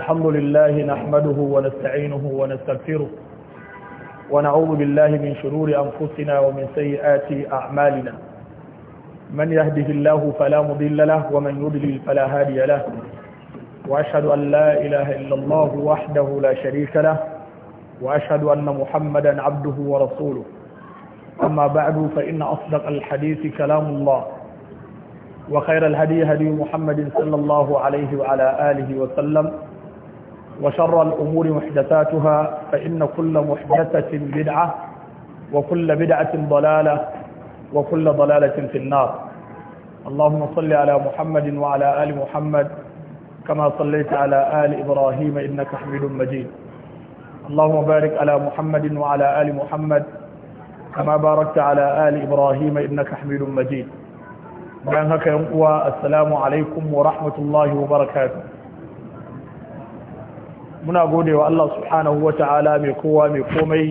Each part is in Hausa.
الحمد لله نحمده ونستعينه ونستغفره ونعوذ بالله من شرور أنفسنا ومن سيئات أعمالنا من يهده الله فلا مضل له ومن يضلل فلا هادي له وأشهد أن لا إله إلا الله وحده لا شريك له وأشهد أن محمدا عبده ورسوله أما بعد فإن أصدق الحديث كلام الله وخير الهدي هدي محمد صلى الله عليه وعلى آله وسلم وشر الأمور محدثاتها فإن كل محدثة بدعة وكل بدعة ضلالة وكل ضلالة في النار اللهم صل على محمد وعلى آل محمد كما صليت على آل إبراهيم إنك حميد مجيد اللهم بارك على محمد وعلى آل محمد كما باركت على آل إبراهيم إنك حميد مجيد السلام عليكم ورحمة الله وبركاته muna gode wa Allah subhanahu wa ta'ala mai kowa mai komai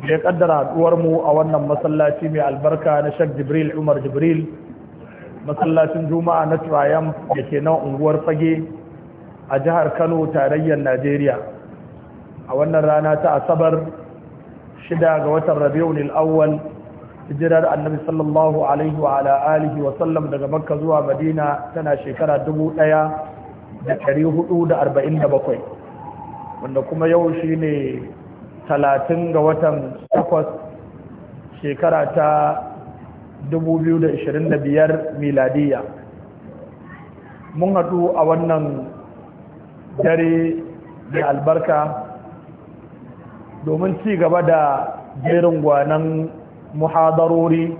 da ya kaddara mu a wannan masallaci mai albarka na Sheikh Jibril Umar Jibril masallacin Juma'a na Triumph da ke nan unguwar Fage a jihar Kano tarayyar Najeriya a wannan rana ta Asabar shida ga watan Rabi'un Awwal hijirar Annabi sallallahu alaihi wa ala alihi wa sallam daga Makka zuwa Madina tana shekara ɗaya. da ɗari hudu da arba'in da bakwai wanda kuma yau shi ne talatin ga watan takwas shekara ta biyar miladiya mun haɗu a wannan dare da albarka domin ci gaba da jerin gwanan muhadarori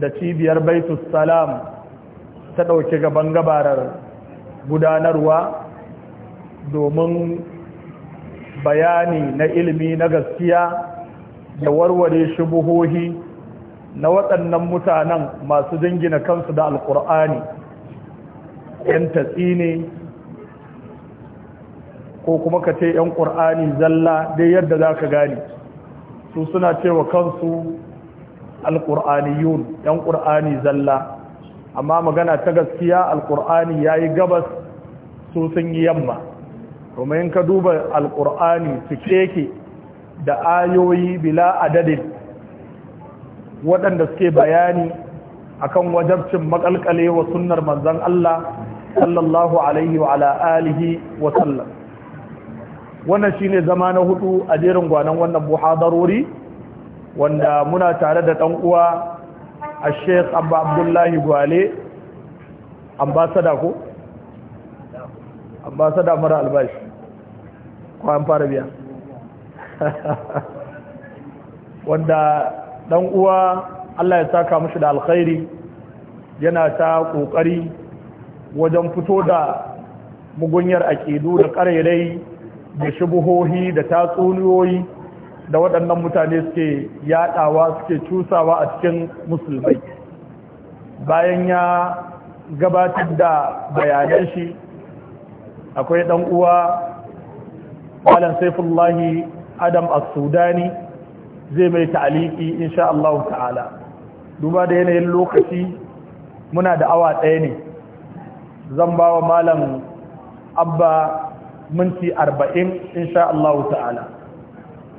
da cibiyar baitus salam ta ɗauki gaban gabarar gudanarwa domin bayani na ilimi na gaskiya da warware shubuhohi na waɗannan mutanen masu jingina kansu da alƙur'ani ‘yan tatsi ne ko kuma ka ce ‘yan ƙur'ani zalla dai yadda za ka gani su suna cewa kansu alƙur'aniyun ‘yan ƙur'ani zalla amma magana ta gaskiya alkur'ani ya yi gabas su sun yi yamma domin ka duba alkur'ani su keke da ayoyi bila adadin waɗanda suke bayani akan wajabcin makalkale wa sunnar manzan Allah sallallahu alaihi wa alihi wa sallam wannan shine zama na hudu a jerin gwanan wannan buhadarori wanda muna tare da ɗan uwa a sheikh abba abdullahi gwale ambasada ko? ambasada mara albashi ko an fara biya wanda dan uwa Allah ya saka mashi da alkhairi yana ta kokari wajen fito da mugunyar aƙidu da ƙarairai da shubuhohi da tatsuniyoyi da waɗannan mutane suke yaɗawa suke cusawa a cikin musulmai bayan ya gabatar da bayanan shi akwai ɗan uwa malam saifullahi adam a sudani zai mai ta'aliki insha Allah ta'ala duba da yanayin lokaci muna da awa ɗaya ne zan ba wa malam abba minti arba'in insha Allah ta'ala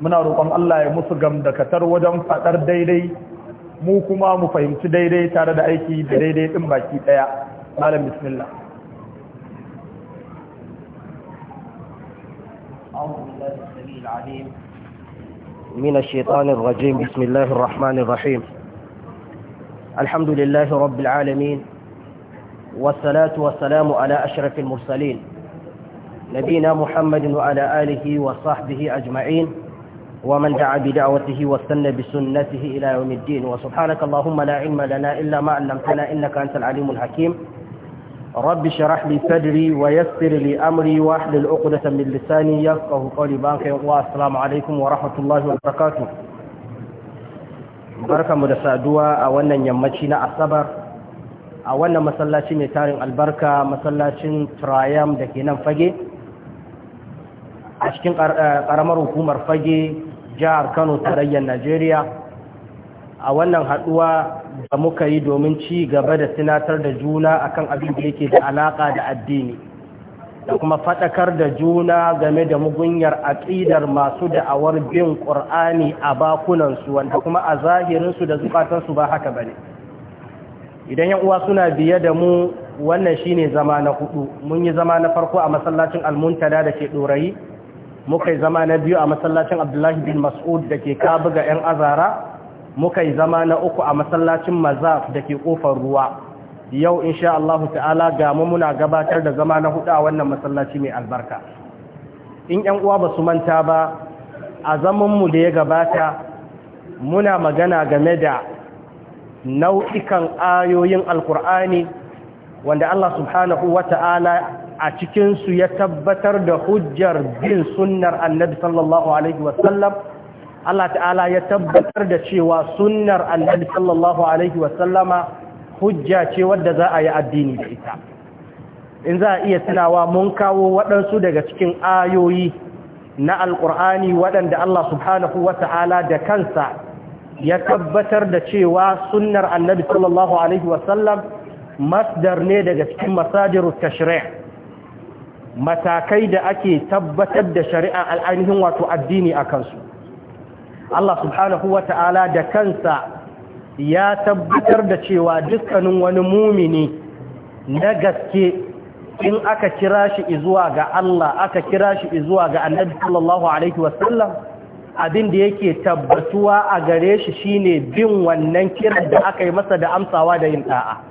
muna roƙon Allah ya musu gamdakatar wajen faɗar daidai mu kuma mu fahimci daidai tare da aiki da daidai ɗin baki ɗaya malam bismillah من الشيطان الرجيم بسم الله الرحمن الرحيم الحمد لله رب العالمين والصلاة والسلام على أشرف المرسلين نبينا محمد وعلى آله وصحبه أجمعين ومن دعا بدعوته واستنى بسنته إلى يوم الدين وسبحانك اللهم لا علم لنا إلا ما علمتنا إنك أنت العليم الحكيم رب شرح لي صدري ويسر لي أمري واحلل عقدة من لساني يفقه قولي بانك والسلام عليكم ورحمة الله وبركاته barka mu da saduwa a wannan yammaci na asabar a wannan masallaci mai tarin albarka masallacin triam da ke nan fage a cikin karamar hukumar fage jihar kano tarayyar najeriya a wannan haduwa da muka yi domin ci gaba da sinatar da juna akan abin da yake da alaka da addini da kuma faɗakar da juna game da mugunyar aƙidar masu da'awar bin ƙur'ani a bakunansu wanda kuma a zahirin su da zukatansu ba haka bane idan yan uwa suna biye da mu wannan shine zama na hudu mun yi zama na farko a masallacin almuntada da ke ɗorayi muka zama na biyu a masallacin abdullahi bin mas'ud da ke kabuga 'yan azara muka zama na uku a masallacin mazaf da ke kofar ruwa yau insha Allah ta'ala ga mu muna gabatar da zama na hudu a wannan masallaci mai albarka in 'yan uwa ba su manta ba a zamanmu da ya gabata muna magana game da nau'ikan ayoyin alkur'ani wanda Allah subhanahu wa ta'ala a cikinsu ya tabbatar da hujjar bin sunnar annabi sallallahu alaihi wasallam Allah ta'ala ya tabbatar da cewa sunnar annabi sallallahu alaihi wasallama hujja ce wadda za a yi addini da ita in za a iya tunawa mun kawo waɗansu daga cikin ayoyi na alƙur'ani waɗanda Allah subhanahu wa ta'ala da kansa ya tabbatar da cewa sunnar annabi sallallahu alaihi wasallam masdar ne daga cikin masajirut tashri' matakai da ake tabbatar da shari'a al'ainihin wato addini a kansu Allah subhanahu wa ta'ala da kansa ya tabbatar da cewa dukkanin wani mumini na gaske in aka kira shi izuwa ga Allah aka kira shi izuwa ga annabi sallallahu alaihi wasallam abin da yake tabbatuwa a gare shi shine bin wannan kiran da aka yi masa da amsawa da yin da'a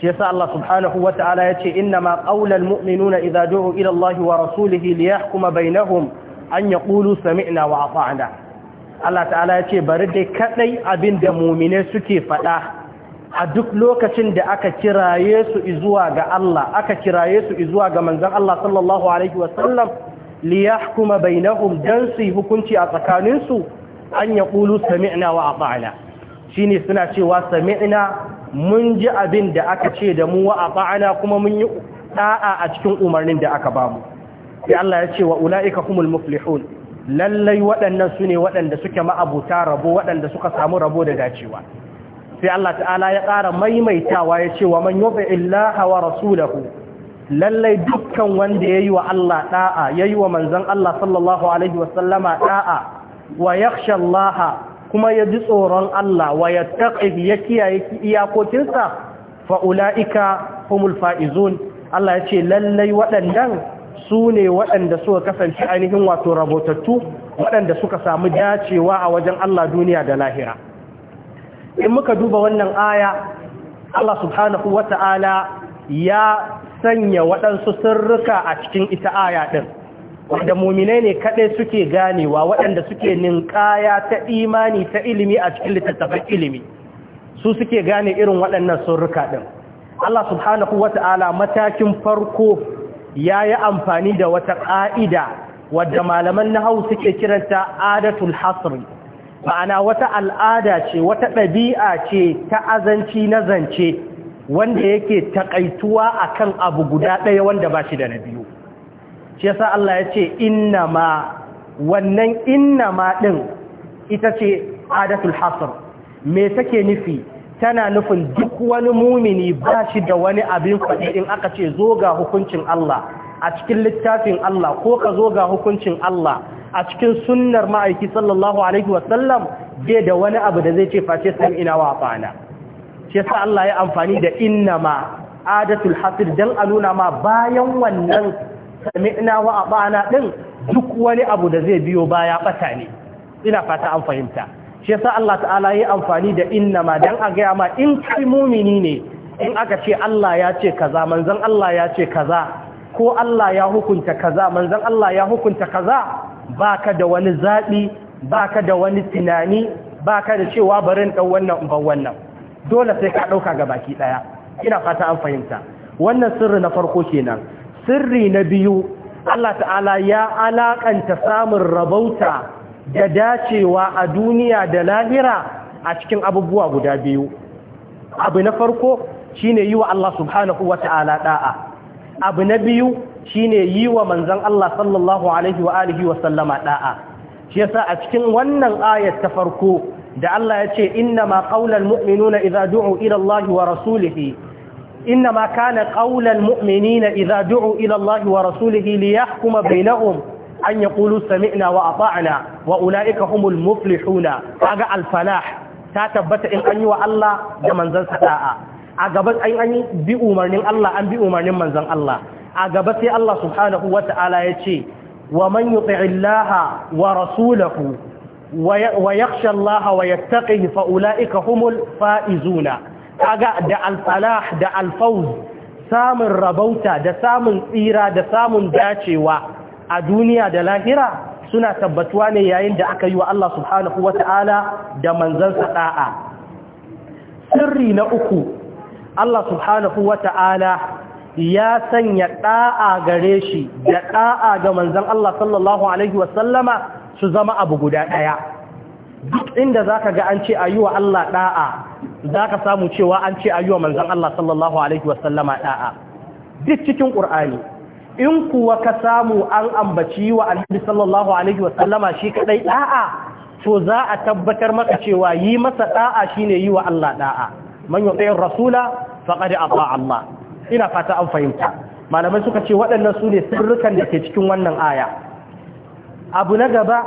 shi yasa Allah subhanahu wata'ala yace ma qaulal mu'minuna idza du'u ila Allahi wa rasulihi liyahkuma bainahum an yaqulu sami'na wa ata'na Allah ta'ala yace bari dai kadai abinda mu'mine suke fada a duk lokacin da aka kiraye su zuwa ga Allah aka kiraye su zuwa ga manzon Allah sallallahu alaihi wa sallam liyahkuma bainahum dan su hukunci a tsakaninsu an yaqulu sami'na wa ata'na shine suna cewa sami'na mun ji abin da aka ce da mu wa ba'ana kuma mun yi da'a a cikin umarnin da aka bamu sai Allah ya ce wa ulaika humul muflihun lallai waɗannan sune waɗanda suke ma'abuta rabo waɗanda suka samu rabo da dacewa sai Allah ta'ala ya ƙara maimaitawa ya ce wa man yufi illaha wa rasulahu lallai dukkan wanda yayi wa Allah da'a yayi wa manzon Allah sallallahu alaihi wasallama da'a wa yakhsha Allah kuma ya ji tsoron Allah wa ya taƙi ya kiyaye iyakokinsa fa'ula'ika humul fa'izun Allah ya ce lallai waɗannan su ne waɗanda suka kasance ainihin wato rabotattu waɗanda suka samu dacewa a wajen Allah duniya da lahira in muka duba wannan aya Allah subhanahu wata'ala ya sanya waɗansu sirrika a cikin ita aya ɗin wanda muminai ne kaɗai suke ganewa waɗanda suke ninkaya ta imani ta ilimi a cikin littattafan ilimi su suke gane irin waɗannan surruka ɗin Allah subhanahu wata'ala matakin farko ya yi amfani da wata ƙa'ida wadda malaman na hau suke kiranta adatul hasri ma'ana wata al'ada ce wata ɗabi'a ce ta azanci na zance wanda yake taƙaituwa kan abu guda ɗaya wanda ba shi da na biyu shi yasa Allah ya ce inna ma wannan inna ma ita ce adatul hasr me take nufi tana nufin duk wani mumini ba shi da wani abin faɗi in aka ce zo ga hukuncin Allah a cikin littafin Allah ko ka zo ga hukuncin Allah a cikin sunnar ma'aiki sallallahu alaihi wasallam bai da wani abu da zai ce face sam ina wa fana shi yasa Allah ya amfani da inna ma adatul hasir dan a nuna ma bayan wannan sami'na wa abana din duk wani abu da zai biyo baya bata ne ina fata an fahimta shi yasa Allah ta'ala yi amfani da inna ma dan a gaya ma in kai mumini ne in aka ce Allah ya ce kaza manzon Allah ya ce kaza ko Allah ya hukunta kaza manzon Allah ya hukunta kaza baka da wani zabi baka da wani tunani baka da cewa barin dan wannan ban wannan dole sai ka dauka ga baki daya ina fata an fahimta wannan sirri na farko kenan sirri na biyu Allah ta'ala ya alaƙanta samun rabauta da dacewa a duniya da lahira a cikin abubuwa guda biyu abu na farko shine yi wa Allah subhanahu wa ta'ala da'a abu na biyu shine yi wa manzon Allah sallallahu alaihi wa alihi wa sallama da'a shi yasa a cikin wannan ayat ta farko da Allah ya ce inna ma qaulal mu'minuna idza du'u ila Allah wa rasulihi إنما كان قول المؤمنين إذا دعوا إلى الله ورسوله ليحكم بينهم أن يقولوا سمعنا وأطعنا وأولئك هم المفلحون أقع الفلاح تتبت إن أني والله جمنزل سلاء أقبت أن أني بأمرن الله أن بأمرن منزل الله أقبت الله سبحانه وتعالى يتشي ومن يطع الله ورسوله ويخشى الله ويتقه فأولئك هم الفائزون kaga da al-salah da al-fawz samun rabauta da samun tsira da samun dacewa a duniya da lahira suna tabbatuwa ne yayin da aka yi wa Allah subhanahu wata'ala da manzansa da'a sirri na uku Allah subhanahu wata'ala ya sanya da'a gare shi da da'a ga manzan Allah sallallahu alaihi wasallama su zama abu guda daya duk inda zaka ga an ce ayi wa Allah da'a za ka samu cewa an ce ayyuwa manzan Allah sallallahu Alaihi wasallama ɗa'a duk cikin ƙur'ani in kuwa ka samu an ambaci wa annabi sallallahu Alaihi wasallama shi kaɗai ɗa'a to za a tabbatar maka cewa yi masa ɗa'a shi ne yi wa Allah ɗa'a Manyan ɗayan rasula faƙari abba Allah ina fata an fahimta malamai suka ce waɗannan su ne sirrukan da ke cikin wannan aya abu na gaba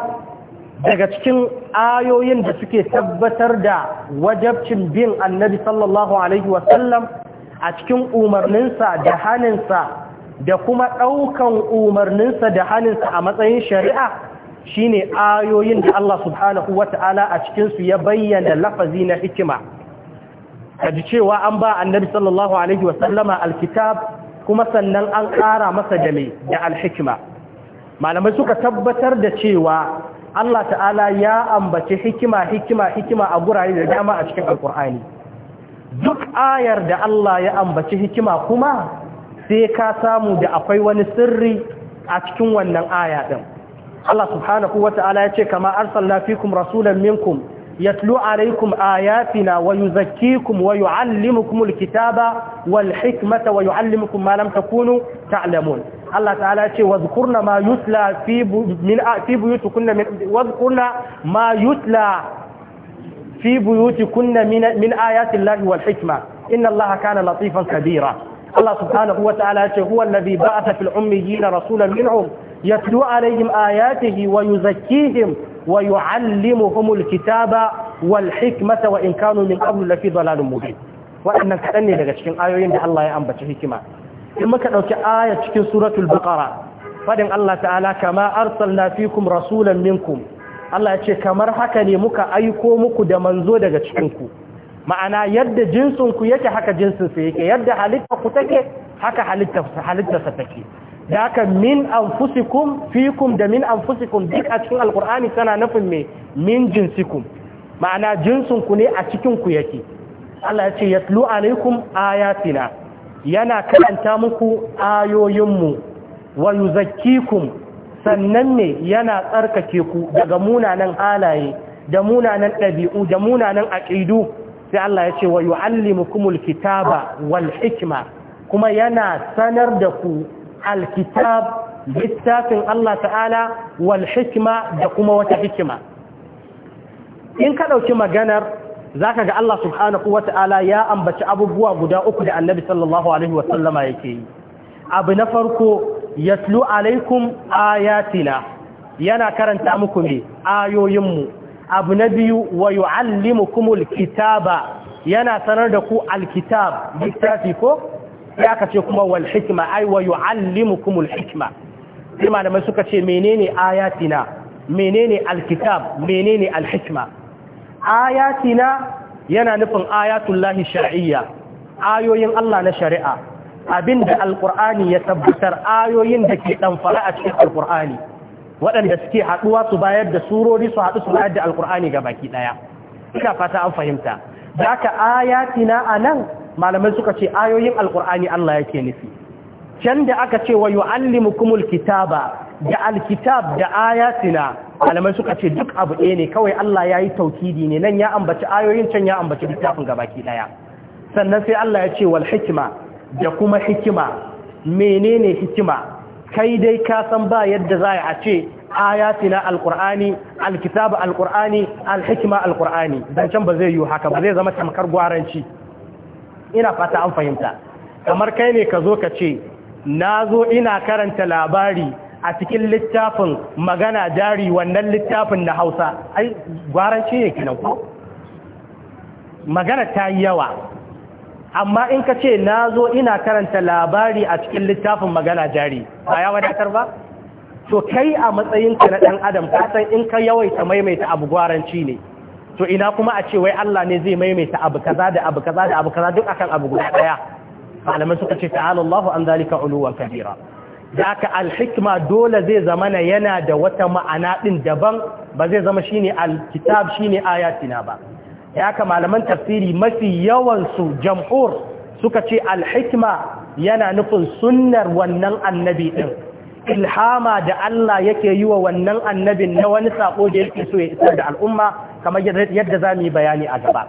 daga cikin ayoyin da suke tabbatar da wajabcin bin annabi sallallahu alaihi wasallam a cikin umarninsa da haninsa da kuma ɗaukan umarninsa da haninsa a matsayin shari'a shine ayoyin da Allah subhanahu wata'ala a cikinsu ya bayyana lafazi na hikima kaji cewa an ba annabi sallallahu alaihi wasallama alkitab kuma sannan an ƙara masa da mai da alhikima malamai suka tabbatar da cewa Allah ta'ala ya ambaci hikima hikima hikima a gurare da dama a cikin alkur'ani duk ayar da Allah ya ambaci hikima kuma sai ka samu da akwai wani sirri a cikin wannan aya din Allah subhanahu wata'ala ya ce kama arsalna fikum rasulan minkum yatlu alaykum ayatina wa yuzakkikum wa yuallimukumul kitaba wal hikmata wa yuallimukum ma lam takunu ta'lamun Allah ta'ala ce wazkurna ma yutla fi min fi min wazkurna ma yutla fi buyutikunna min min ayati Allahi wal hikma inna Allaha kana latifan kabira Allah subhanahu wa ta'ala ce huwa alladhi ba'atha fil ummiyina rasulan minhum yatlu alaihim ayatihi wa yuzakkihim wa yu'allimuhumul kitaba wal hikmata wa in kanu min qablu lafi dhalalin mubin wa'annan kadan ne daga cikin ayoyin da Allah ya ambaci hikima in muka ɗauki aya cikin suratul baqara fadin Allah ta'ala kama arsalna fikum rasulan minkum Allah yace kamar haka ne muka aiko muku da manzo daga cikin ku ma'ana yadda jinsin ku yake haka jinsin sa yake yadda halitta ku take haka halitta halitta sa take da min anfusikum fikum da min anfusikum duk a cikin alqur'ani tana nufin me min jinsikum ma'ana jinsin ku ne a cikin ku yake Allah ya yatlu alaikum ayatina yana karanta muku ayoyinmu wa yuzakkikum sannan ne yana tsarkake ku daga munanan halaye da munanan ɗabi'u da munanan aƙidu sai Allah ya ce wa yu'allimukumul kitaba wal hikma kuma yana sanar da ku alkitab littafin Allah ta'ala wal hikma da kuma wata hikima in ka ɗauki maganar zaka ga Allah subhanahu ta'ala ya ambaci abubuwa guda uku da Annabi sallallahu alaihi wasallama yake yi abu na farko yatlu alaikum ayatina yana karanta muku ne ayoyin mu abu na biyu wa yuallimukumul kitaba yana sanar da ku alkitab littafi ko ya ce kuma wal hikma ai wa yuallimukumul hikma sai malamai suka ce menene ayatina menene alkitab menene alhikma ayatina yana nufin ayatullahi shar'iyya ayoyin Allah na shari'a abinda alqur'ani ya tabbatar ayoyin da ke danfara a cikin alqur'ani waɗanda suke haɗuwa su bayar da surori su haɗu su bayar da alqur'ani ga baki ɗaya ina fata an fahimta zaka ayatina anan malamai suka ce ayoyin alqur'ani Allah yake nufi can da aka ce wa yu'allimukumul kitaba da alkitab da ayatina malamai suka ce duk abu ɗaya ne kawai Allah ya yi taukidi ne nan ya ambaci ayoyin can ya ambaci littafin gabaki ɗaya sannan sai Allah ya ce wal hikima da kuma hikima menene hikima kai dai ka san ba yadda za a ce ayatina alqur'ani alkitab alqur'ani alhikima alqur'ani dan can ba zai yi haka ba zai zama tamkar gwaranci ina fata an fahimta kamar kai ne ka zo ka ce na zo ina karanta labari a cikin littafin magana jari wannan littafin na hausa ai gwaranci ne kinan ko magana ta yi yawa amma in ka ce na zo ina karanta labari a cikin littafin magana jari ba ya wadatar ba to kai a matsayinka na ɗan adam kasan in ka yawaita maimaita abu gwaranci ne to ina kuma a ce wai Allah ne zai maimaita abu kaza da abu kaza da abu kaza duk akan abu guda ɗaya malamai suka ce ta'alallahu an zalika uluwan kabira da aka alhikma dole zai zamana yana da wata ma'ana ɗin daban ba zai zama shi ne alkitab shi ne ayatina ba ya ka malaman tafsiri mafi yawansu Jamhur suka ce alhikma yana nufin sunnar wannan annabi ɗin ilhama da Allah yake yi wa wannan annabin na wani sako da yake so ya isar da al'umma kamar yadda za mu yi bayani a gaba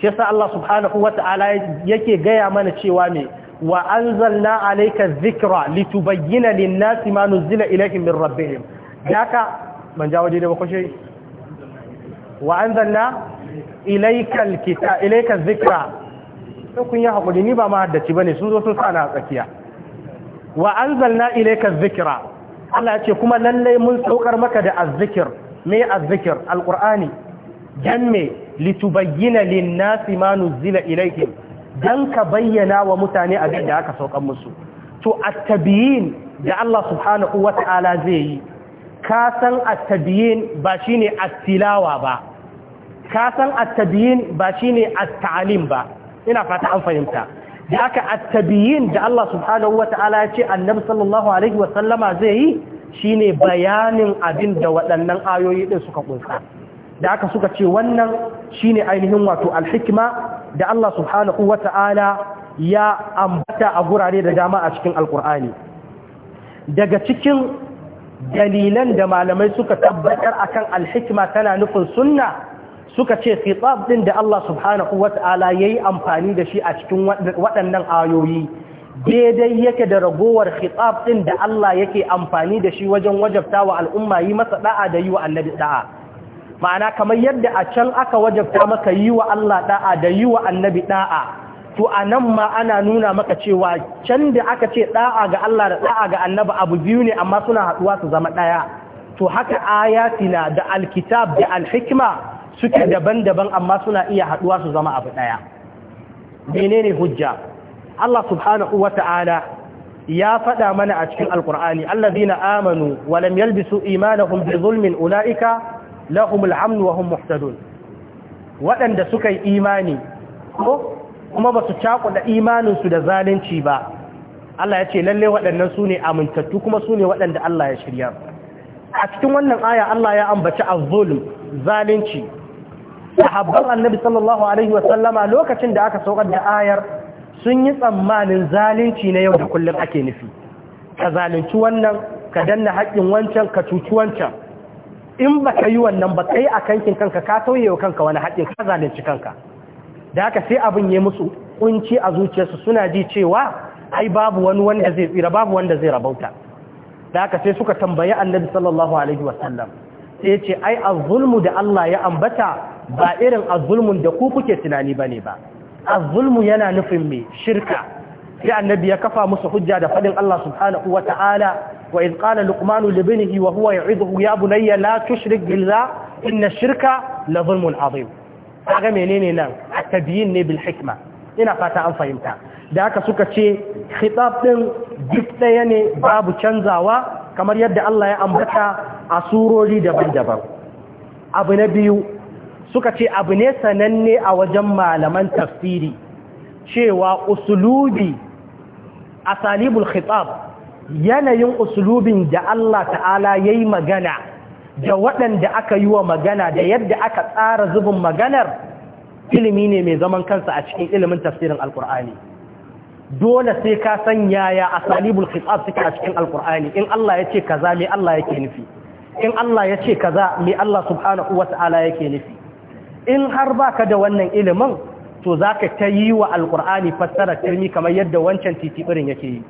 shi yasa Allah subhanahu wata'ala yake gaya mana cewa me wa anzalna alayka zikira litubayyana linnasi nasi ma nuzila ilayhim min rabbihim daka ban jawo dai ba kwashe. wa anzalna ilayka al-kitaba ilayka dhikra to kun yi hakuri ni ba ma haddaci bane sun zo sun sa sana tsakiya wa anzalna ilayka zikira. Allah ya ce kuma lalle mun saukar maka da azzikir me azzikir alqur'ani dan me litubayyana linnasi nasi ma nuzila ilayhim don ka bayyana wa mutane abin da aka saukan musu to attabiyin da Allah subhanahu wa ta'ala zai yi ka san attabiyin ba ne attilawa ba ka san attabiyin ba shine at ba ina fata an fahimta da aka attabiyin da Allah subhanahu wa ta'ala ya ce annabi sallallahu alaihi wa sallama zai yi shine bayanin abin da waɗannan ayoyi ɗin suka ƙunsa. da aka suka ce wannan shine ainihin wato alhikima da Allah subhanahu wata'ala ya ambata a gurare da dama a cikin alkur'ani daga cikin dalilan da malamai suka tabbatar akan alhikima tana nufin sunna suka ce khitab din da Allah subhanahu wata'ala yayi amfani da shi a cikin waɗannan ayoyi daidai yake da ragowar khitab din da Allah yake amfani da shi wajen wajabtawa al'umma yi masa da'a da yi wa annabi da'a ma'ana kamar yadda a can aka wajabta maka yi wa Allah da'a da yi wa annabi da'a to a nan ma ana nuna maka cewa can da aka ce da'a ga Allah da da'a ga annabi abu biyu ne amma suna haɗuwa su zama ɗaya to haka ayatina da alkitab da alhikma suke daban-daban amma suna iya haɗuwa su zama abu ɗaya menene hujja Allah subhanahu wa ta'ala ya faɗa mana a cikin alkur'ani allazina amanu wa lam yalbisu imanahum bi zulmin ulaika lahumul amnu muhtadun waɗanda suka yi imani kuma ba su cakuɗa imaninsu da zalunci ba Allah ya ce lalle waɗannan su ne amintattu kuma su ne waɗanda Allah ya shirya a cikin wannan aya Allah ya ambaci azzulm zalunci habbar annabi sallallahu alaihi wa sallama lokacin da aka saukar da ayar sun yi tsammanin zalunci na yau da kullum ake nufi ka zalunci wannan ka danna haƙƙin wancan ka cuci wancan in ba ka yi wannan ba kai a kankin kanka ka tauye wa kanka wani haɗin ka zalunci kanka da haka sai abin ya musu kunci a zuciyarsu suna ji cewa ai babu wani wanda zai tsira babu wanda zai rabauta da haka sai suka tambayi annabi sallallahu alaihi wasallam sai ce ai azzulmu da Allah ya ambata ba irin azzulmun da ku kuke tunani bane ba azzulmu yana nufin me shirka sai annabi ya kafa musu hujja da fadin Allah subhanahu wataala wa iz qala luqman li binihi wa huwa ya'idhu ya bunayya la tushrik billah inna shirka la zulmun azim kaga menene nan at-tabyin ne bil hikma ina fata an fahimta da haka suka ce khitab din duk ɗaya ne babu canzawa kamar yadda Allah ya ambata a surori daban-daban abu na biyu suka ce abu ne sananne a wajen malaman tafsiri cewa usulubi asalibul khitab yanayin usulubin da Allah ta'ala ya yi magana da waɗanda aka yi wa magana da yadda aka tsara zubin maganar ilimi ne mai zaman kansa a cikin ilimin tafsirin alkur'ani dole sai ka san yaya a salibul khitab suke a cikin alkur'ani in Allah ya ce kaza me Allah yake nufi in Allah ya ce kaza me Allah subhanahu ya yake nufi in har baka da wannan ilimin to zaka ta yi wa alkur'ani fassara turmi kamar yadda wancan titi titibirin yake yi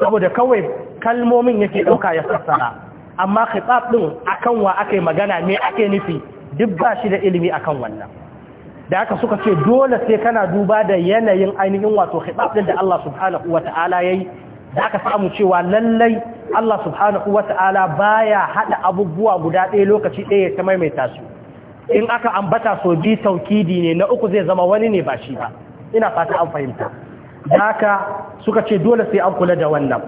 saboda kawai kalmomin yake ɗauka ya fassara amma khitab ɗin akan wa akai magana me ake nufi duk ba shi da ilimi akan wannan da haka suka ce dole sai kana duba da yanayin ainihin wato khitab ɗin da Allah subhanahu wata'ala yayi da aka samu cewa lallai Allah subhanahu wata'ala baya hada abubuwa guda ɗaya lokaci ɗaya ta maimaita su in aka ambata so bi taukidi ne na uku zai zama wani ne ba shi ba ina fata an fahimta haka suka ce dole sai an kula da wannan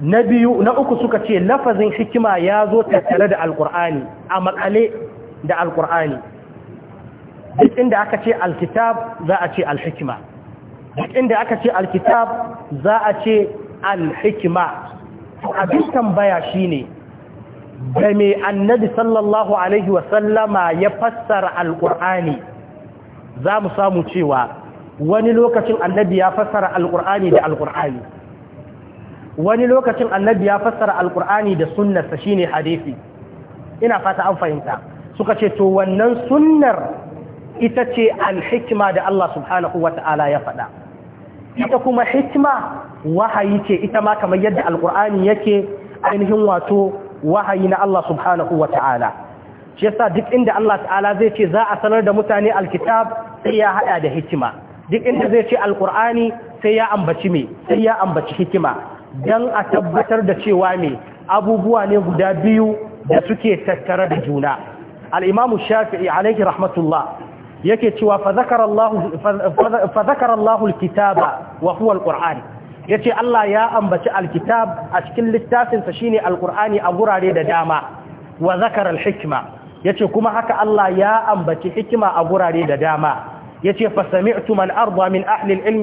na biyu na uku suka ce lafazin hikima ya zo tattare da alkur'ani a makale da alkur'ani duk inda aka ce alkitab za a ce alhikima duk inda aka ce alkitab za a ce alhikima abin tambaya shine da me annabi sallallahu alaihi wasallama ya fassara alkur'ani za mu samu cewa wani lokacin annabi ya fassara alkur'ani da alkur'ani wani lokacin annabi ya fassara alkur'ani da sunnarsa shine hadisi ina fata an fahimta suka ce to wannan sunnar ita ce alhikima da Allah subhanahu wata'ala ya faɗa ita kuma hikima wahayi ce ita ma kamar yadda alkur'ani yake ainihin wato wahayi na Allah subhanahu wata'ala shi yasa duk inda Allah ta'ala zai ce za a sanar da mutane alkitab sai ya haɗa da hikima duk inda zai ce alkur'ani sai ya ambaci me sai ya ambaci hikima don a tabbatar da cewa me abubuwa ne guda biyu da suke tattara da juna al'imamu shafi'i alaihi rahmatullah yake cewa fa zakar Allah alkitaba wa huwa alkur'ani ya ce Allah ya ambaci alkitab a cikin littafinsa shine alkur'ani a gurare da dama wa zakar alhikima ya ce kuma haka Allah ya ambaci hikima a gurare da dama yace fa sami'tu man arda min ahli al-ilm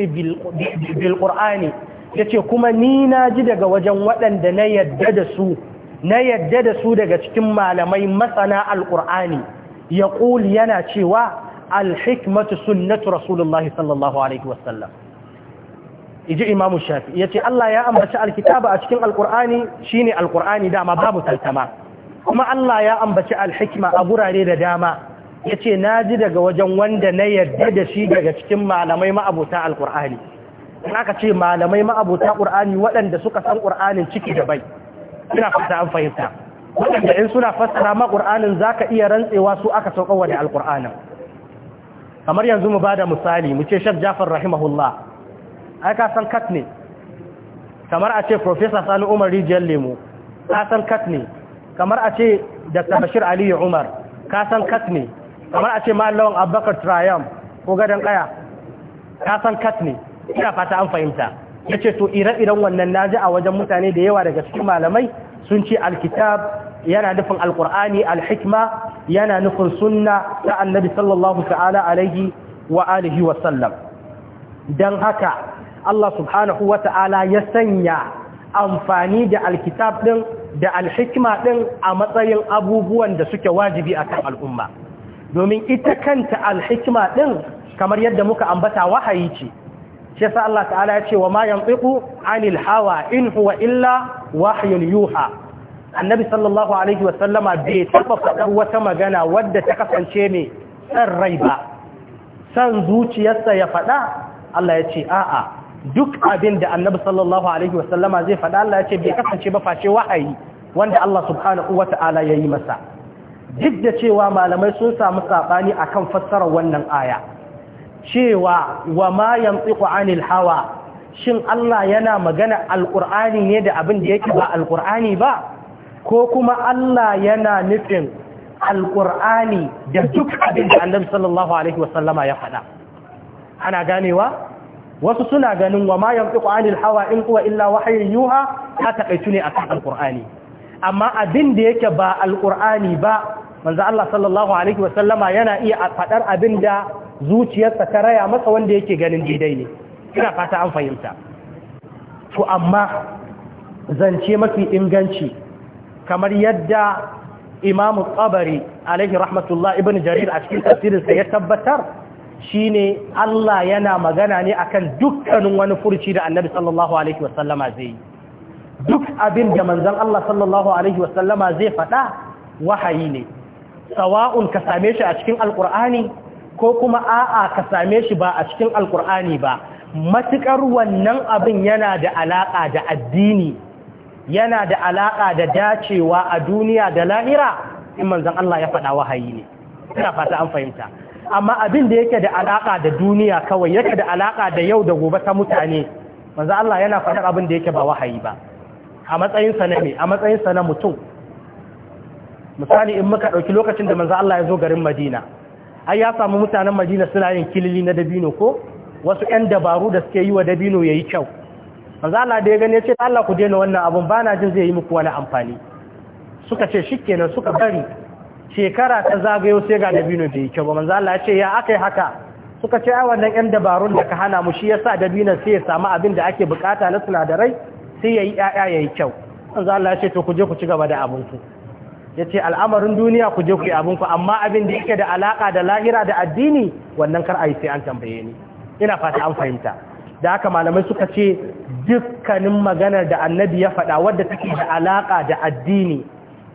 bil qur'ani yace kuma ni na ji daga wajen waɗanda na yadda da su na yadda da su daga cikin malamai masana al-qur'ani yaqul yana cewa al-hikmatu sunnatu rasulullahi sallallahu alaihi wasallam iji imamu shafi ya ce Allah ya ambaci alkitaba a cikin alkur'ani shine alkur'ani dama babu taltama kuma Allah ya ambaci alhikma a gurare da dama ya ce na ji daga wajen wanda na yarda da shi daga cikin malamai ma'abuta alƙur'ani in aka ce malamai ma'abuta ƙur'ani waɗanda suka san ƙur'anin ciki da bai suna fata an fahimta waɗanda in suna fassara ma ƙur'anin za ka iya rantsewa su aka sauƙa wani al alƙur'anin kamar yanzu mu ba da misali mu ce shaf jafar rahimahullah ai ka san kat ne kamar a ce profesa sani umar rijiyar lemo ka san kat ne kamar a ce dr bashir aliyu umar ka san kat ne kamar a ce abubakar triam ko gadon kaya ka san kat ne ina fata an fahimta ya ce to ire-iren wannan na ji a wajen mutane da yawa daga cikin malamai sun ce alkitab yana nufin alkur'ani alhikma yana nufin sunna ta annabi sallallahu ta'ala alaihi wa alihi wa sallam don haka Allah subhanahu wa ta'ala ya sanya amfani da alkitab din da alhikma din a matsayin abubuwan da suke wajibi a kan al'umma domin ita kanta alhikima ɗin kamar yadda muka ambata wahayi ce shi sa Allah ta'ala ya ce wa ma yantiqu anil hawa in huwa illa wahyul yuha annabi sallallahu alaihi wa sallama bai taba faɗar wata magana wadda ta kasance ne san rai ba san zuciyarsa ya faɗa Allah ya ce a'a duk abin da annabi sallallahu alaihi wa sallama zai faɗa Allah ya ce bai kasance ba face wahayi wanda Allah subhanahu wa ta'ala ya yi masa duk da cewa malamai sun samu saɓani akan fassarar wannan aya cewa wa ma yantiqu anil hawa shin Allah yana magana alƙur'ani ne da abin da yake ba alƙur'ani ba ko kuma Allah yana nufin alƙur'ani da duk abin da annabi sallallahu alaihi wasallama ya faɗa ana ganewa wasu suna ganin wa ma yantiqu anil hawa in kuwa illa wahyun yuha ta taƙaitu ne kan alƙur'ani amma abin da yake ba alƙur'ani ba manzo Allah sallallahu alaihi wasallama yana iya faɗar abin da zuciyarsa ta raya masa wanda yake ganin daidai ne ina fata an fahimta to amma zance mafi inganci kamar yadda imamu tsabari alaihi rahmatullah ibn jarir a cikin tafsirinsa ya tabbatar shine Allah yana magana ne akan dukkanin wani furci da annabi sallallahu alaihi wasallama zai yi duk abin da manzon Allah sallallahu alaihi wasallama zai faɗa wahayi ne sawa'un ka same shi a cikin alkur'ani ko kuma a'a ka same shi ba a cikin alkur'ani ba matukar wannan abin yana da alaƙa da addini yana da alaƙa da dacewa a duniya da lahira in manzan Allah ya faɗa wahayi ne ina fata an fahimta amma abin da yake da alaƙa da duniya kawai yake da alaƙa da yau da gobe ta mutane manzan Allah yana faɗar abin da yake ba wahayi ba a matsayinsa na me a matsayinsa na mutum misali in muka ɗauki lokacin da manzo Allah ya zo garin Madina ai ya samu mutanen Madina suna yin kilili na dabino ko wasu ƴan dabaru da suke yi wa dabino yayi kyau manzo Allah da ya gani ya ce Allah ku daina wannan abun bana jin zai yi muku wani amfani suka ce shikenan suka bari shekara ta zagayo sai ga dabino bai yi kyau ba manzo Allah ya ce ya akai haka suka ce ai wannan ƴan dabarun da ka hana mu shi yasa dabino sai ya samu abin da ake bukata na sinadarai sai yayi ƴaƴa yayi kyau manzo Allah ya ce to ku je ku ci gaba da ku ya ce al'amarin duniya ku je ku yi abinku amma abin da yake da alaƙa da lahira da addini wannan kar a yi sai an tambaye ni ina fata an fahimta da haka malamai suka ce dukkanin maganar da annabi ya faɗa wadda take da alaƙa da addini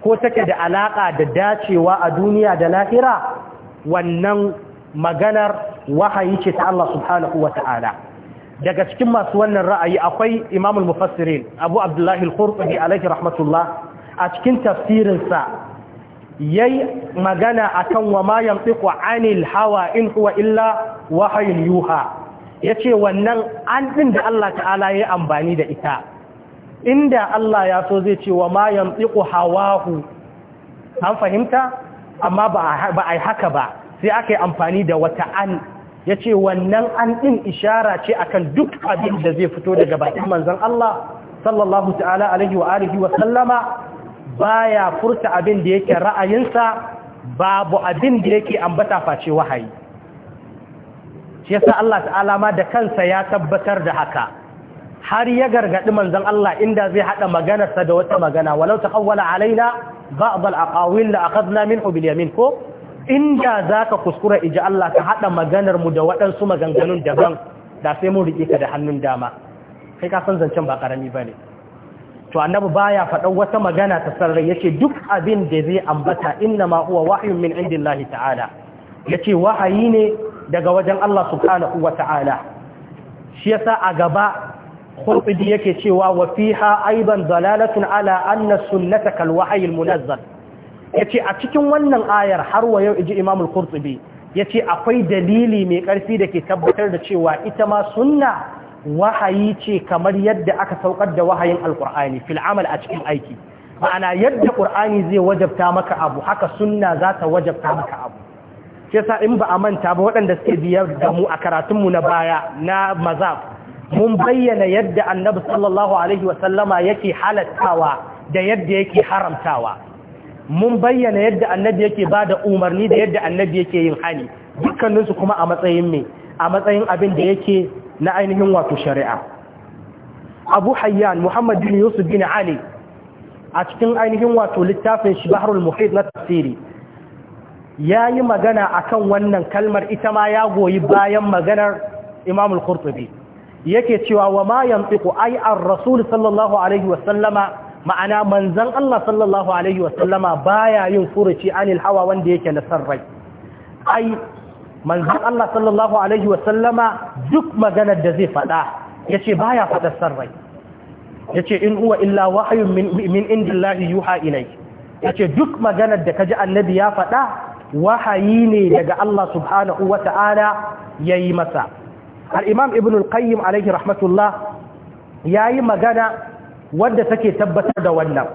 ko take da alaƙa da dacewa a duniya da lahira wannan maganar wahayi ce ta Allah subhanahu wa ta'ala daga cikin masu wannan ra'ayi akwai imamul mufassirin abu abdullahi al-qurtubi alaihi rahmatullah a cikin tafsirinsa ya yi magana a kan wa mayan ɗiƙwa anil hawa in huwa illa wahayin yuha ya ce wannan an ɗin da Allah ta'ala ya yi amfani da ita inda Allah ya so zai ce wa mayan ɗiƙwa hawahu an fahimta amma ba a yi haka ba sai aka yi amfani da wata an ya ce wannan an ɗin ishara ce akan duk abin da zai fito daga bakin manzan Allah sallallahu ta'ala alaihi wa alihi wa sallama baya furta abin da yake ra'ayinsa babu abin da yake ambata face wahayi shi yasa Allah ta'ala ma da kansa ya tabbatar da haka har ya gargadi manzon Allah inda zai hada maganarsa da wata magana walau taqawwala alaina ba'd al-aqawil la akhadna minhu bil yamin ko inda zaka kuskura ija Allah ka hada maganar mu da waɗansu maganganun daban da sai mun rike ka da hannun dama kai ka san zancen ba karami bane to annabi baya faɗan wata magana ta sarrai yace duk abin da zai ambata inna ma huwa wahyun min indillahi ta'ala yace wahayi ne daga wajen Allah subhanahu wa ta'ala shi yasa a gaba khurbi yake cewa wa fiha aiban dalalatun ala anna sunnata kal wahyi munazzal yace a cikin wannan ayar har wa yau iji imamul al qurtubi yace akwai dalili mai karfi da ke tabbatar da cewa ita ma sunna wahayi ce kamar yadda aka saukar da wahayin alkur'ani fil a cikin aiki ma'ana yadda ƙur'ani zai wajabta maka abu haka sunna za ta wajabta maka abu shi sa in ba a manta ba waɗanda suke biyar da mu a karatunmu na baya na mazaf mun bayyana yadda annabi sallallahu alaihi wasallama yake halattawa da yadda yake haramtawa mun bayyana yadda annabi yake ba da umarni da yadda annabi yake yin hali dukkaninsu kuma a matsayin me a matsayin abin da yake na ainihin wato shari'a abu hayyan muhammad bin yusuf bin ali a cikin ainihin wato littafin shi baharul na tafsiri ya yi magana kan wannan kalmar ita ma ya goyi bayan maganar imam al yake cewa wa ma yantiqu ai an rasul sallallahu alaihi wa sallama ma'ana manzon Allah sallallahu alaihi wa sallama baya yin furuci anil hawa wanda yake na sarrai ai manzon Allah sallallahu alaihi wasallama duk maganar da zai faɗa yace baya faɗar sarrai yace in uwa illa wahayu min indillahi yuha ilayhi yace duk maganar da kaji annabi ya faɗa wahayi ne daga Allah subhanahu wata'ala yayi masa al-imam ibn al-qayyim alaihi rahmatullah yayi magana wadda take tabbatar da wannan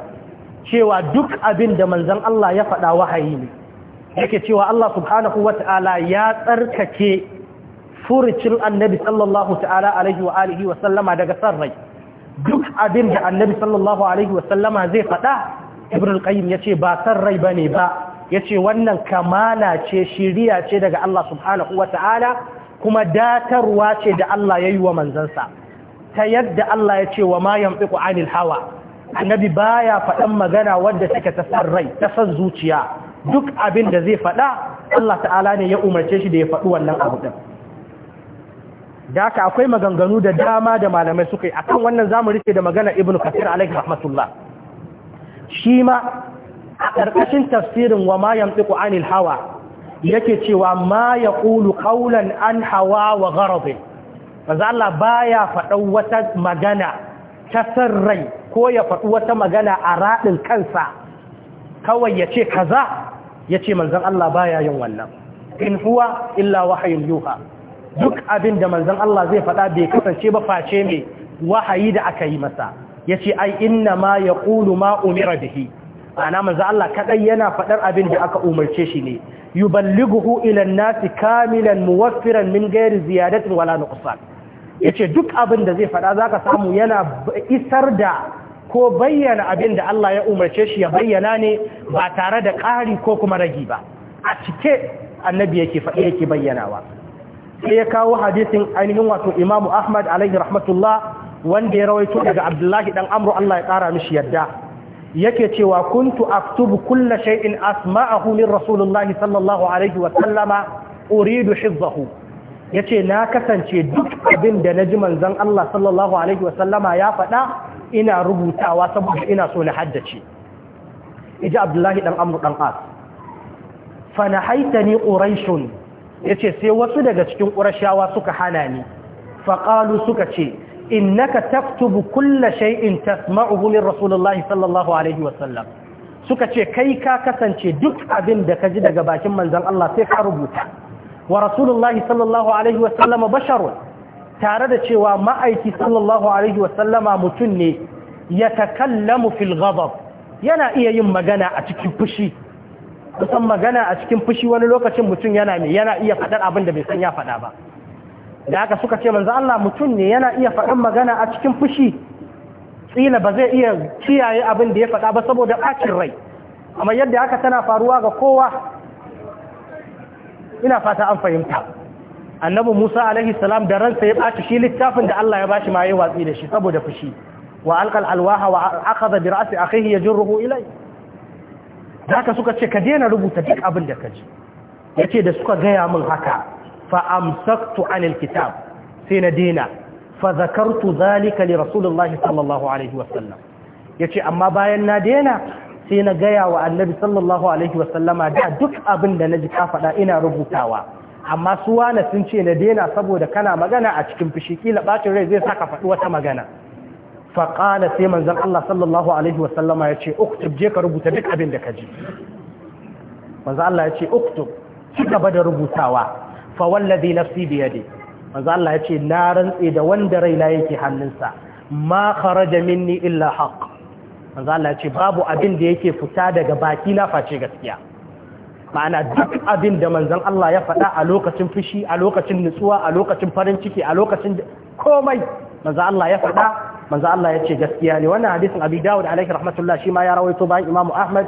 cewa duk abin da manzon Allah ya faɗa wahayi ne yake cewa Allah subhanahu ta'ala ya tsarkake furucin annabi sallallahu ta'ala alaihi wa alihi wa sallama daga sarrai duk abin da annabi sallallahu alaihi wa sallama zai faɗa ibn al-qayyim yace ba sarrai bane ba yace wannan kamala ce shiriya ce daga Allah subhanahu ta'ala kuma datarwa ce da Allah yayi wa manzansa ta yadda Allah yace wa mayan yanfiqu anil hawa annabi baya faɗan magana wadda take ta sarrai ta san zuciya duk abin da zai faɗa Allah ta'ala ne ya umarce shi da ya faɗi wannan abu ɗin da aka akwai maganganu da dama da malamai suka yi akan wannan zamu rike da magana ibnu kasir alaihi rahmatullah shi ma a ƙarƙashin tafsirin wa ma yamtiku anil hawa yake cewa ma yaqulu qawlan an hawa wa gharabi manzo Allah baya faɗa wata magana ta sarrai ko ya faɗi wata magana a raɗin kansa kawai ya ce kaza yace manzon Allah baya yin wannan in huwa illa wahayin yuha duk abin da manzon Allah zai faɗa bai kasance ba face mai wahayi da aka yi masa yace ai inna ma ya ƙulu ma umira bihi ana manzan Allah kadai yana faɗar abin da aka umarce shi ne yuballighu ila ilan nasi kamilan muwaffiran min gairi, ziyadatin wala nuqsan yace duk abin da zai faɗa zaka samu yana isar da ko bayyana abin da Allah ya umarce shi ya bayyana ne ba tare da ƙari ko kuma ragi ba a cike annabi yake faɗi yake bayyanawa sai ya kawo hadisin ainihin wato imamu ahmad alaihi rahmatullah wanda ya rawaito daga abdullahi dan amru Allah ya ƙara mishi yadda yake cewa kuntu aktubu kulla shay'in asma'ahu min rasulullahi sallallahu alaihi wa sallama uridu hisbahu. yace na kasance duk abin da naji manzon Allah sallallahu alaihi wa sallama ya faɗa ina rubutawa saboda ina so na haddace iji abdullahi dan amru dan as fa nahaitani quraishun yace sai wasu daga cikin qurashawa suka hana ni fa qalu suka ce innaka taktubu kulla shay'in tasma'uhu min rasulullahi sallallahu alaihi wasallam suka ce kai ka kasance duk abin da ka ji daga bakin manzon Allah sai ka rubuta wa rasulullahi sallallahu alaihi wasallam basharun tare da cewa ma'aiki sallallahu alaihi wasallama mutum ne ya takallamu fil ghadab yana iya yin magana a cikin fushi kusan magana a cikin fushi wani lokacin mutum yana ne yana iya faɗar abin da bai san ya faɗa ba da haka suka ce manzo Allah mutum ne yana iya faɗan magana a cikin fushi tsina ba zai iya kiyaye abin da ya faɗa ba saboda ɓacin rai amma yadda haka tana faruwa ga kowa ina fata an fahimta annabi Musa alaihi salam da ransa ya baci shi littafin da Allah ya bashi ma yayi watsi da shi saboda fushi wa alqal alwaha wa akhadha bi ra'si ruhu ilai. za ka suka ce ka daina rubuta duk abin da kaji yace da suka gaya min haka fa amsaktu anil kitab sai na daina fa zakartu zalika li rasulullah sallallahu alaihi wasallam yace amma bayan na daina sai na gaya wa annabi sallallahu alaihi wasallama da duk abin da na ji ka faɗa ina rubutawa amma su wane sun ce na daina saboda kana magana a cikin fushi kila bacin rai zai saka faɗi wata magana faƙala sai manzan Allah sallallahu alaihi wasallama ya ce uktub je ka rubuta duk abin da ka ji manzan Allah ya ce uktub ci gaba da rubutawa fa wallazi nafsi bi yadi manzan Allah ya ce na rantse da wanda raina yake hannunsa ma kharaja minni illa haqq manzan Allah ya ce babu abin da yake fita daga baki na face gaskiya ma'ana duk abin da manzan Allah ya faɗa a lokacin fushi a lokacin nutsuwa a lokacin farin ciki a lokacin komai manzan Allah ya fada manzan Allah ya ce gaskiya ne wannan hadisin Abi Dawud alaihi rahmatullah shi ma ya rawaito bayan Imam Ahmad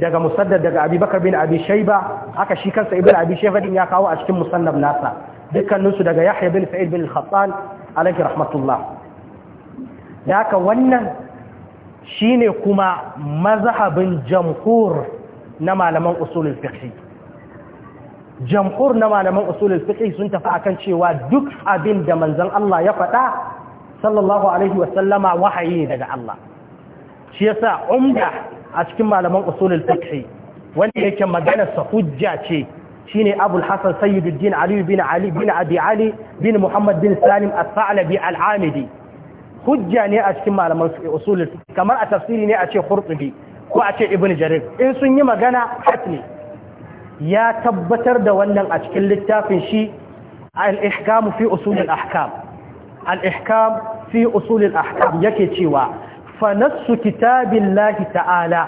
daga musaddad daga Abi Bakar bin Abi Shayba haka shi kansa Ibn Abi Shayba din ya kawo a cikin musannaf nasa dukkaninsu daga Yahya bin Sa'id bin Al-Khattan alaihi rahmatullah da wannan shine kuma mazhabin jamhur na malaman usulul fiqh jamhur na malaman usulul fiqh sun tafi akan cewa duk abin da manzon Allah ya faɗa sallallahu alaihi wasallama wahayi daga Allah shi yasa umda a cikin malaman usulul fiqh wanda yake magana sa hujja ce shine Abul Hasan Sayyiduddin Ali bin Ali bin Abi Ali bin Muhammad bin Salim Al-Thalabi Al-Amidi hujja ne a cikin malaman usulul fiqh kamar a tafsiri ne a ce Qurtubi ko a ce ibn jarir in sun yi magana hatmi ya tabbatar da wannan a cikin littafin shi al-ihkam fi usul ahkam al-ihkam fi usul ahkam yake cewa fa nassu kitabillahi ta'ala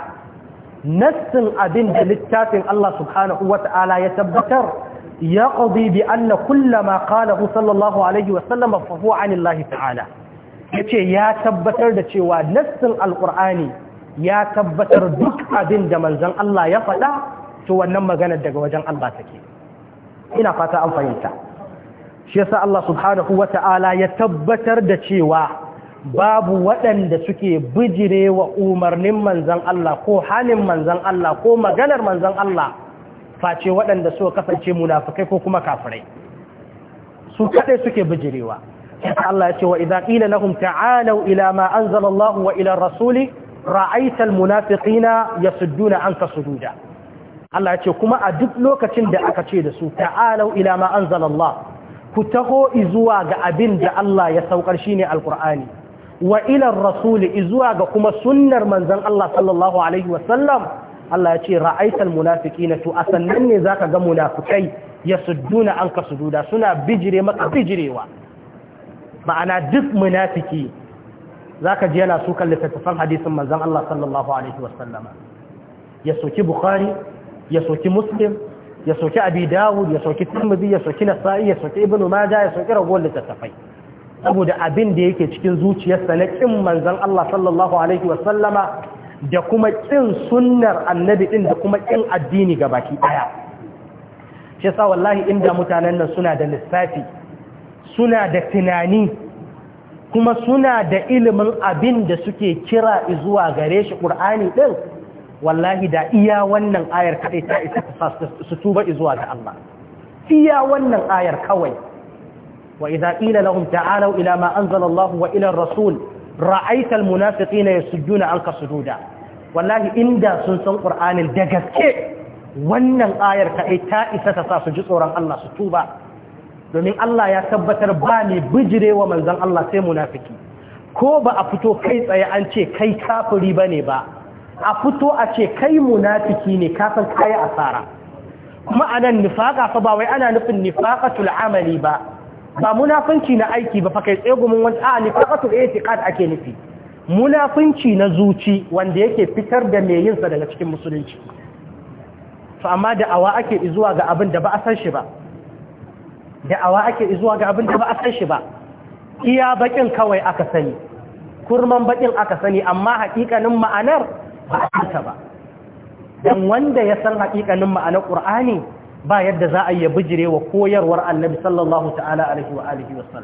nassin abin da littafin Allah subhanahu wa ta'ala ya tabbatar ya qadi bi anna kullama qalahu sallallahu alaihi wa sallam fa huwa 'anillahi ta'ala yace ya tabbatar da cewa nassin al ya tabbatar duk abin da manzon Allah ya faɗa to wannan magana daga wajen Allah take ina fata an fahimta shi yasa Allah subhanahu wata'ala ya tabbatar da cewa babu waɗanda suke bijire wa umarnin manzon Allah ko halin manzon Allah ko maganar manzon Allah face waɗanda suka kasance munafikai ko kuma kafirai su kaɗai suke bijirewa Allah ya ce wa idan qila lahum ta'alu ila ma anzalallahu wa ila rasuli ra'aital munafiqina yasudduna anka sududa Allah ya ce kuma a duk lokacin da aka ce da su ta'alau ila ma anzalallah ku taho izuwa ga abin da Allah ya saukar shine alqur'ani wa ila rasul izuwa ga kuma sunnar manzon Allah sallallahu alaihi wasallam Allah ya ce ra'aital to a sannan ne zaka ga munafikai yasudduna anka sududa suna bijire maka bijirewa ma'ana duk munafiki za ka ji yana sukan littattafan hadisin manzan Allah sallallahu Alaihi wasallama ya soki Bukhari ya soki Muslim ya soki Abi Dawud ya soki Tirmidhi ya soki Nasa'i ya soki Ibn Majah ya soki ragowar littattafai saboda abin da yake cikin zuciyarsa na kin manzan Allah sallallahu Alaihi wasallama da kuma kin sunnar annabi din da kuma kin addini ga baki daya shi sa wallahi inda mutanen nan suna da lissafi suna da tunani kuma suna da ilimin abin da suke kira zuwa gare shi ƙur'ani ɗin wallahi da iya wannan ayar kaɗai ta isa su tuba zuwa ga Allah iya wannan ayar kawai wa idza qila lahum ta'alu ila ma anzala Allah wa ila ar-rasul ra'aita al-munafiqina yasujjuna anka sujuda wallahi inda sun san ƙur'anin da gaske wannan ayar kaɗai ta isa ta sa su ji tsoron Allah su tuba domin Allah ya tabbatar ba ne bijirewa manzon Allah sai munafiki ko ba a fito kai tsaye an ce kai kafiri bane ba a fito a ce kai munafiki ne kafin kai asara kuma anan nifaka fa ba wai ana nufin nifakatul amali ba ba munafinci na aiki ba fa kai tsaye gumin wani a nifaqatul i'tiqad ake nufi munafinci na zuci wanda yake fitar da mai yinsa daga cikin musulunci to amma da awa ake zuwa ga abin da ba a san shi ba Da awa ake zuwa ga abin da ba a san shi ba iya bakin kawai aka sani kurman bakin aka sani amma hakikanin ma'anar ba a san ta ba dan wanda ya san hakikanin ma'anar qur'ani ba yadda za a yi bijire wa koyarwar annabi sallallahu ta'ala alaihi wa alihi wa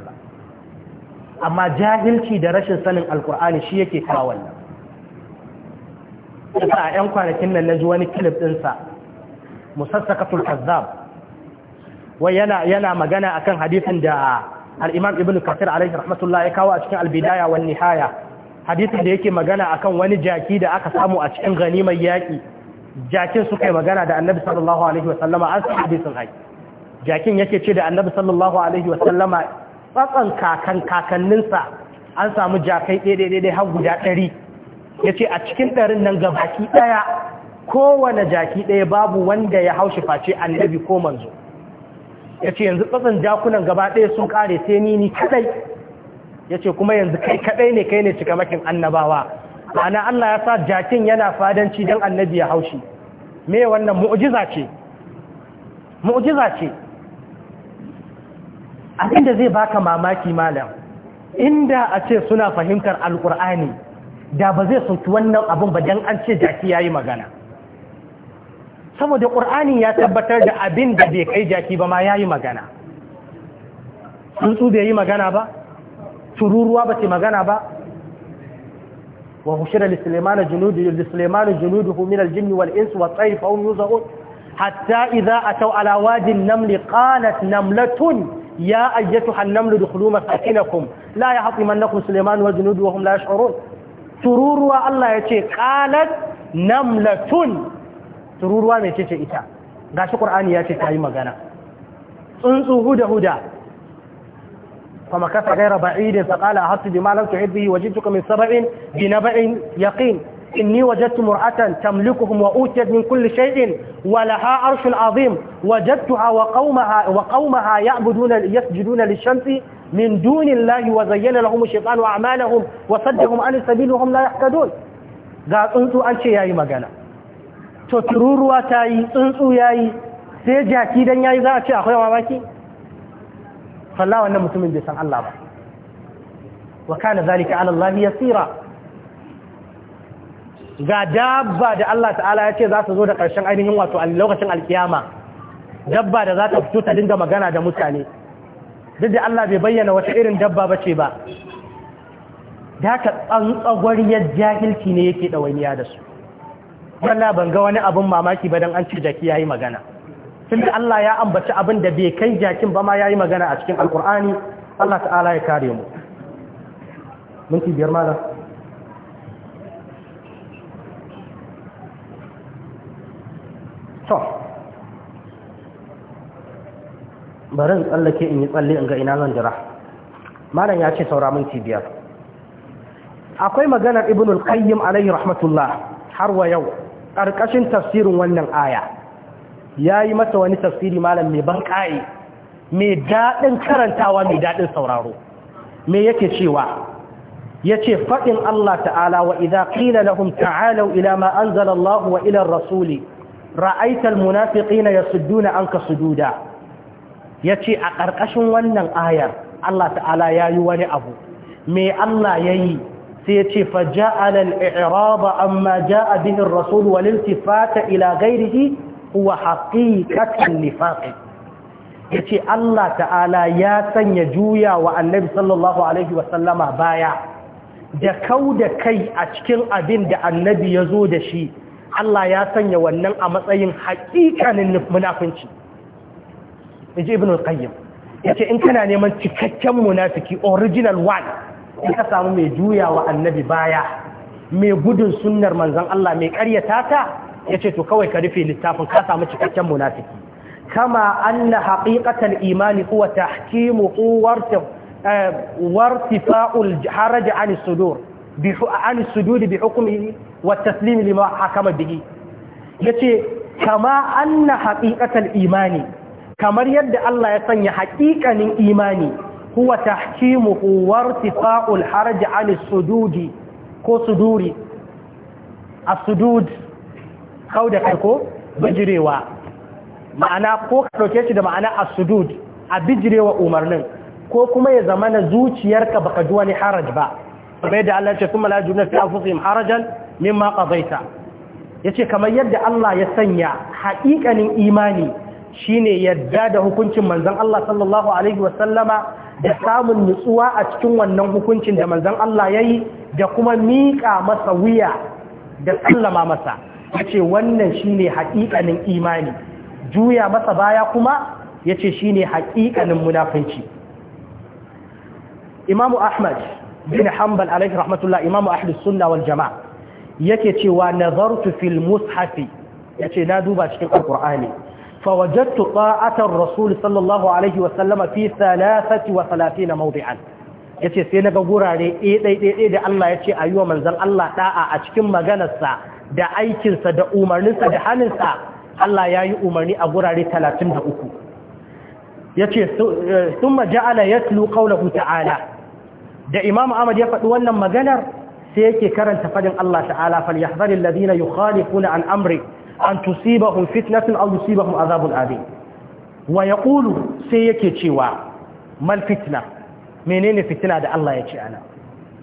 amma jahilci da rashin sanin alqur'ani shi yake kawo wannan a 'yan kwanakin nan na ji wani kilif ɗinsa musassakatul kazzab wai yana magana akan hadisin da al-Imam Ibn Kathir alaihi rahmatullah ya kawo a cikin al-Bidaya Nihaya hadisin da yake magana akan wani jaki da aka samu a cikin ganimar yaki jakin suka yi magana da Annabi sallallahu alaihi an san hadisin hai jakin yake ce da Annabi sallallahu alaihi tsatsan kakan kakanninsa an samu jakai ɗaya ɗaya har guda ɗari ya ce a cikin ɗarin nan gabaki ɗaya kowane jaki ɗaya babu wanda ya haushi face annabi ko manzo ya ce yanzu tsatsan jakunan gaba ɗaya sun ƙare sai ni ni kaɗai ya ce kuma yanzu kai kaɗai ne kai ne cika makin annabawa ma'ana Allah ya sa jakin yana fadanci don annabi ya haushi me wannan mu'ujiza ce mu'ujiza ce abinda zai baka mamaki malam inda a ce suna fahimtar alkur'ani da ba zai sunci wannan abin ba don an ce jaki ya yi magana saboda ƙur'ani ya tabbatar da abin da bai kai jaki ba ma ya yi magana tsuntsu bai yi magana ba tururuwa ba ce magana ba wa hushira Suleimanu junudu lissulemanu junudu huminar jini wal'insu wa tsayi fa'un yi za'un hatta iza a tau alawajin namli ƙanat namlatun ya ayyatu hannamlu da kuluma sakinakum la ya haƙi mannakun sulemanu wa junudu wa hum la ya tururuwa Allah ya ce ƙanat namlatun tururuwa mai cece ita gashi qur'ani ya ce ta yi magana tsuntsu huda huda kama kasa gaira ba'idin faqala ahatu bima lam tuhid bihi wajidtuka min sab'in bi إني وجدت مرأة تملكهم وأوتيت من كل شيء ولها عرش عظيم وجدتها وقومها, وقومها يعبدون يسجدون للشمس من دون الله وزين لهم الشيطان أعمالهم وصدهم عن السبيل وهم لا يحتدون قال أنتم أنت يا إيما to tururuwa ta yi tsuntsu ya yi sai jaki don ya yi za a ce akwai mamaki falla wannan mutumin bai san Allah ba wa kana zalika ala Allah yasira ga dabba da Allah ta'ala ya ce za su zo da karshen ainihin wato a lokacin alkiyama dabba da za ta fito ta dinga magana da mutane duk da Allah bai bayyana wata irin dabba ba ce ba da haka tsantsagwariyar jahilci ne yake ɗawainiya da su wannan ban ga wani abin mamaki ba dan an ce jaki yayi magana tunda Allah ya ambaci abin da bai kai jakin ba ma yayi magana a cikin alkur'ani Allah ta'ala ya kare mu minti biyar malam to bari in tsallake in yi tsalle in ga ina zan jira malam ya ce saura minti biyar akwai maganar ibn al-qayyim alayhi rahmatullah har wa yau ƙarƙashin tafsirin wannan aya ya yi mata wani tafsiri malam mai ban ƙa'i mai daɗin karantawa mai daɗin sauraro me yake cewa ya ce faɗin Allah ta'ala wa idan ƙila lahum ta'alau ila ma an zalallahu wa ilar rasuli ra'aitar munafiƙina ya suduna an ka sududa ya ce a ƙarƙashin wannan ayar Allah ta'ala ya yi wani abu me Allah ya yi sai ce faja'ala al-i'raba amma ja bihi ar-rasul wal iltifata ila ghayrihi huwa haqiqatan nifaq yace Allah ta'ala ya sanya juya wa annabi sallallahu alaihi wa sallama baya da da kai a cikin abin da annabi ya zo da shi Allah ya sanya wannan a matsayin haqiqanin munafinci yace ibn al-qayyim yace in kana neman cikakken munafiki original one in ka samu mai juya wa annabi baya mai gudun sunnar manzon Allah mai karya ta ce to kawai ka rufe littafin ka samu cikakken munafiki kama anna haqiqatal imani huwa tahkimu quwwati eh, wartifa'ul haraj an sudur bi an sudud bi hukmihi wa taslim lima hakama bihi yace kama anna haqiqatal imani kamar yadda Allah ya sanya haƙiƙanin imani huwa tahkimuhu wa irtifa'ul haraj 'ala as-sududi ko suduri as-sudud kauda ko bijirewa ma'ana ko ka shi da ma'ana as-sudud a umarnin ko kuma ya zama na zuciyarka baka ji wani haraj ba bai da Allah ce kuma la juna fi anfusihim harajan mimma qadaita yace kamar yadda Allah ya sanya haƙiƙanin imani shine yadda da hukuncin manzon Allah sallallahu alaihi sallama. da samun nutsuwa a cikin wannan hukuncin da manzan Allah ya yi da kuma miƙa masa wuya da tsallama masa ya ce wannan shi ne haƙiƙanin imani juya masa baya kuma ya ce shi ne haƙiƙanin munafinci imamu ahmad bin hanbal alaihi rahmatullah imamu ahmad sunna wal jama'a yake cewa nazartu fil mushafi yace na duba cikin alqur'ani فوجدت طاعة الرسول صلى الله عليه وسلم في ثلاثة وثلاثين موضعا yace sai naga gurare eh dai dai da Allah yi wa manzan Allah ɗa'a a cikin maganarsa da aikinsa da umarninsa da haninsa Allah yayi umarni a gurare 33 yace thumma ja'ala yatlu qawluhu ta'ala da Imam Ahmad ya faɗi wannan maganar sai yake karanta fadin Allah ta'ala fal yahzaril ladina yukhalifuna an amri an tusibahum fitnatun aw yusibahum azabun adim wa yaqulu sai yake cewa mal fitna menene fitina da Allah ya ce ana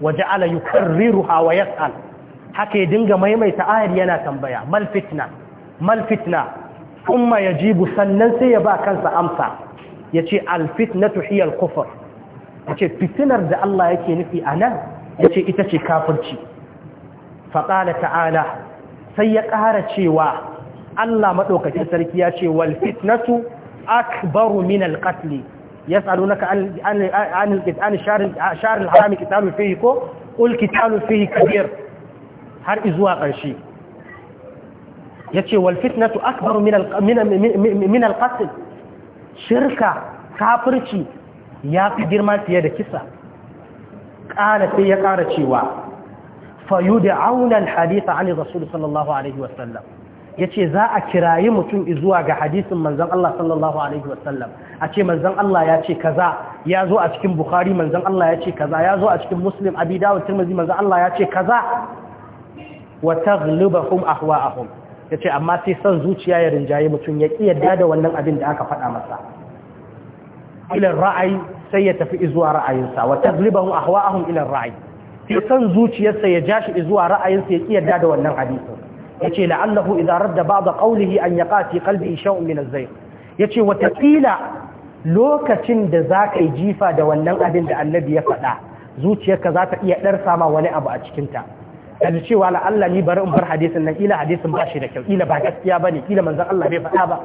Waje yukarriruha wa yas'al haka ya dinga maimaita ayar yana tambaya mal fitna mal fitna kuma yajibu sannan sai ya ba kansa amsa yace al fitnatu hiya al kufr yace fitinar da Allah yake nufi anan yace ita ce kafirci da ta'ala sai ya ƙara cewa Allah maɗaukacin sarki ya ce wal fitnatu akbaru min alqatl Ya tsaro an an shahr al-haram kitalu fihi ko qul kitalu fihi kabir har izuwa ƙarshe Ya ce wal fitnatu akbaru min min shirka kafirci ya fi girma fiye da kisa ƙara sai ya ƙara cewa fayud'auna al-hadith an rasul sallallahu alaihi wasallam yace za a kirayi mutum zuwa ga hadisin manzon Allah sallallahu alaihi wasallam a ce manzon Allah ya ce kaza ya zo a cikin bukhari manzon Allah ya ce kaza ya zo a cikin muslim abi dawud tirmidhi manzon Allah ya ce kaza wa taghlibuhum ahwa'ahum yace amma sai san zuciya ya rinjaye mutum ya ki yadda da wannan abin da aka faɗa masa ila ra'ayi sai ya tafi zuwa ra'ayinsa wa taghlibuhum ahwa'ahum ila ra'ayi sai son zuciyarsa ya ja shi zuwa ra'ayinsa ya ƙi yarda da wannan hadisin yace la'allahu da ba ba'd qawlihi an yaqati qalbi shay'un min zai. Ya ce wataƙila lokacin da za ka yi jifa da wannan abin da annabi ya faɗa zuciyarka za ta iya ɗarsa ma wani abu a cikinta kaji cewa la'alla ni bari in bar hadisin nan ila hadisin ba shi da kyau ila ba gaskiya ba ne ila manzan Allah bai faɗa ba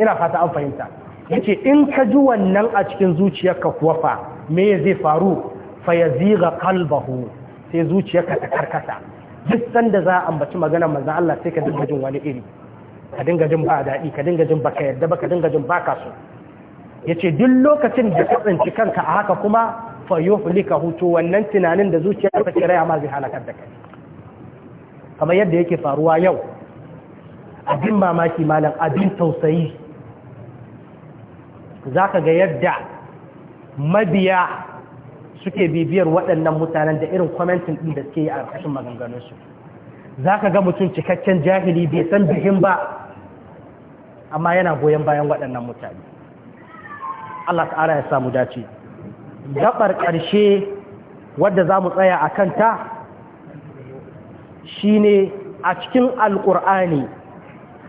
ina fata an fahimta Ya ce in ka ji wannan a cikin zuciyarka kuwa fa me zai faru fayaziga kalbahu sai ka ta karkasa duk sanda za a ambaci maganar manzon Allah sai ka dinga jin wani iri ka dinga jin ba daɗi ka dinga jin baka yarda ba ka dinga jin baka so yace duk lokacin da ka tsinci kanka a haka kuma fa ka hutu wannan tunanin da ka ta kira ma zai halakar da kai kamar yadda yake faruwa yau abin mamaki malam abin tausayi zaka ga yadda mabiya suke bibiyar waɗannan mutanen da irin kwamentin ɗin da suke yi a ƙarshen maganganunsu za ka ga mutum cikakken jahili bai san bihin ba amma yana goyon bayan waɗannan mutane Allah ta'ala ya samu dace gaɓar ƙarshe wadda za mu tsaya a kanta shi ne a cikin alƙur'ani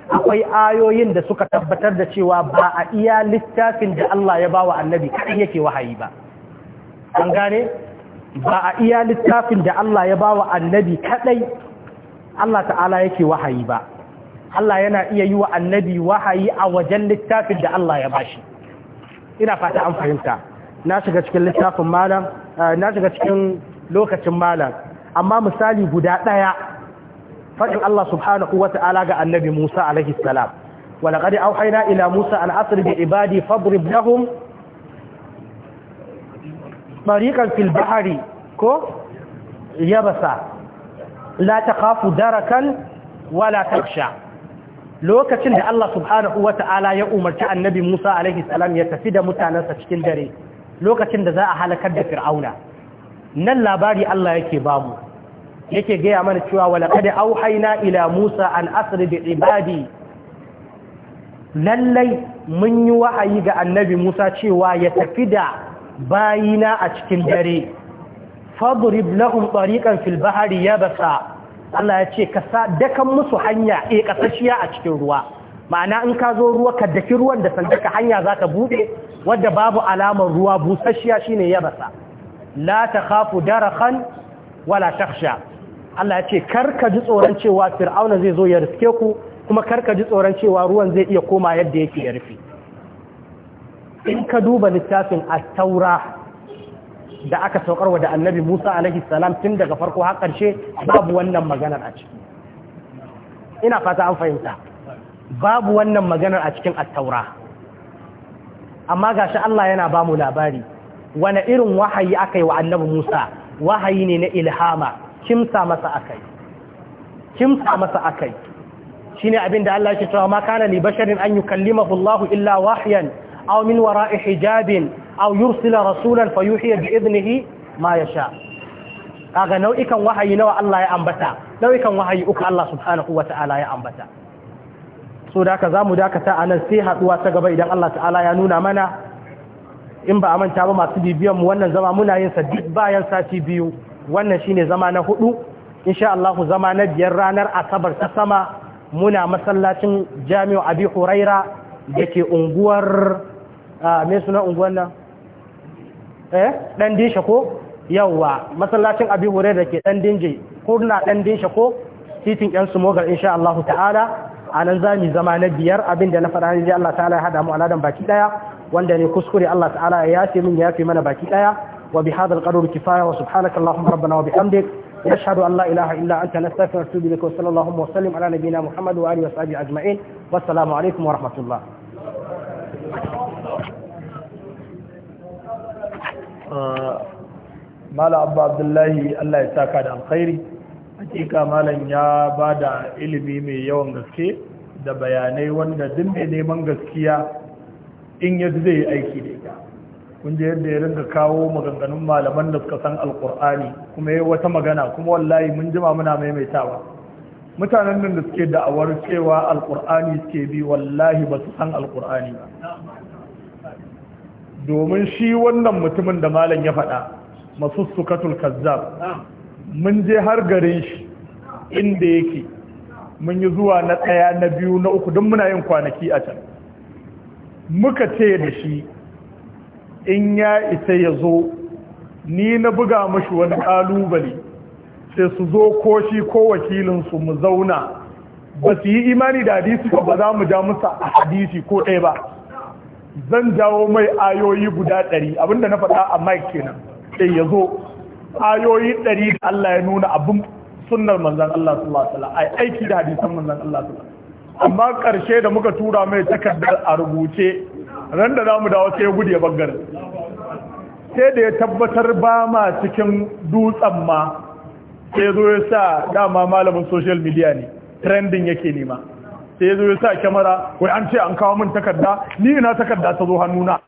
akwai ayoyin da suka tabbatar da cewa ba a iya littafin da Allah ya ba wa annabi kaɗai yake wahayi ba an gane ba a iya littafin da Allah ya ba wa annabi kadai Allah ta'ala yake wahayi ba Allah yana iya yi wa annabi wahayi a wajen littafin da Allah ya bashi ina fata an fahimta na shiga cikin littafin malam eh, na shiga cikin lokacin malam amma misali guda daya fadin Allah subhanahu wata'ala ga annabi Musa alaihi salam wa laqad awhayna ila Musa an asri bi ibadi fadrib lahum طريقا في ko? Yabasa. يبسا darakan تخاف دركا ولا sha. lokacin da Allah subhanahu wata'ala ya umarci annabi Musa alaihi salam ya tafi da mutanensa cikin dare lokacin da za a halakar da fir'auna nan labari Allah yake bamu yake gaya mana cewa walaqad auhayna ila Musa an asri bi ibadi lallai mun yi wahayi ga annabi Musa cewa ya tafi da bayina a cikin dare fadri lahum tariqan fil bahri basa, Allah ya ce ka sa dakan musu hanya eh kasashiya a cikin ruwa ma'ana in ka zo ruwa ka daki ruwan da daka hanya zaka bude wadda babu alamar ruwa busasshiya shine basa, la takhafu darakan wala takhsha Allah ya ce karka ji tsoron cewa fir'auna zai zo ya riske ku kuma karka ji tsoron cewa ruwan zai iya koma yadda yake ya rufe in ka duba littafin at-taura da aka saukar wa da annabi Musa alaihi salam tun daga farko har ƙarshe babu wannan maganar a ciki ina fata an fahimta babu wannan maganar a cikin at-taura amma gashi Allah yana ba mu labari wani irin wahayi aka yi wa annabi Musa wahayi ne na ilhama kimsa masa akai kimsa masa akai shine abinda Allah yake cewa ma kana li basharin an yukallimahu Allahu illa wahyan أو من وراء حجاب أو يرسل رسولا فيوحي بإذنه ما يشاء هذا نوعي كان وحي نوع الله يا أنبتا نوعي كان وحي أك الله سبحانه وتعالى يا أنبتا سوداك زامو تأنا سيحة واتقب إذا الله تعالى nuna منا in ba a manta ba masu bibiyan mu wannan zama muna yin sa duk bayan sati biyu wannan shine zama na hudu insha Allah zama na biyar ranar asabar ta sama muna masallacin Jami'u Abi Huraira dake unguwar a me suna unguwan nan eh dan disha ko yawa masallacin abi hore da ke dan dinje ko na dan disha ko titin yan sumogar insha Allah ta'ala anan zamu zama na biyar abinda na fara ne Allah ta'ala ya hada mu aladan baki daya wanda ne kuskure Allah ta'ala ya yafe min ya yafe mana baki daya wa bi hadal qadru kifaya wa subhanaka allahumma rabbana wa bihamdik نشهد أن لا إله إلا أنت نستغفرك ونتوب إليك وصلى اللهم وسلم على نبينا محمد وآله وصحبه أجمعين والسلام عليكم ورحمة الله Uh, mala abba abdullahi allah ya saka da alkhairi hakika malam ya ba da ilimi mai yawan gaske da bayanai wanda duk mai neman gaskiya in yadda zai yi aiki da ita kun je yadda ya rinka kawo maganganun malaman da suka san alkur'ani kuma ya wata magana kuma wallahi mun jima muna maimaitawa mutanen nan da suke da'awar cewa alkur'ani suke bi wallahi ba su san alkur'ani ba domin shi wannan mutumin da malam ya faɗa masussukatul kazzab mun je har garin shi inda yake mun yi zuwa na ɗaya na biyu na uku don muna yin kwanaki a can muka ce da shi in ya isa ya zo ni na buga mashi wani ƙalubale sai su zo ko shi ko wakilinsu mu zauna ba su yi imani da hadisi ba za mu ja musu a hadisi ko ɗaya ba zan jawo mai ayoyi guda ɗari abinda na faɗa a mike kenan sai ya zo ayoyi ɗari da Allah ya nuna abin sunnar manzan Allah sallallahu a aiki da hadisan manzan Allah sallallahu amma ƙarshe da muka tura mai takardar a rubuce ran da za mu dawo sai ya gudu ya bangare sai da ya tabbatar ba ma cikin dutsen ma sai zo ya sa dama malamin social media ne trending yake nema sai ya zo ya sa kyamara wai an ce an kawo min takarda ni ina takarda ta zo hannuna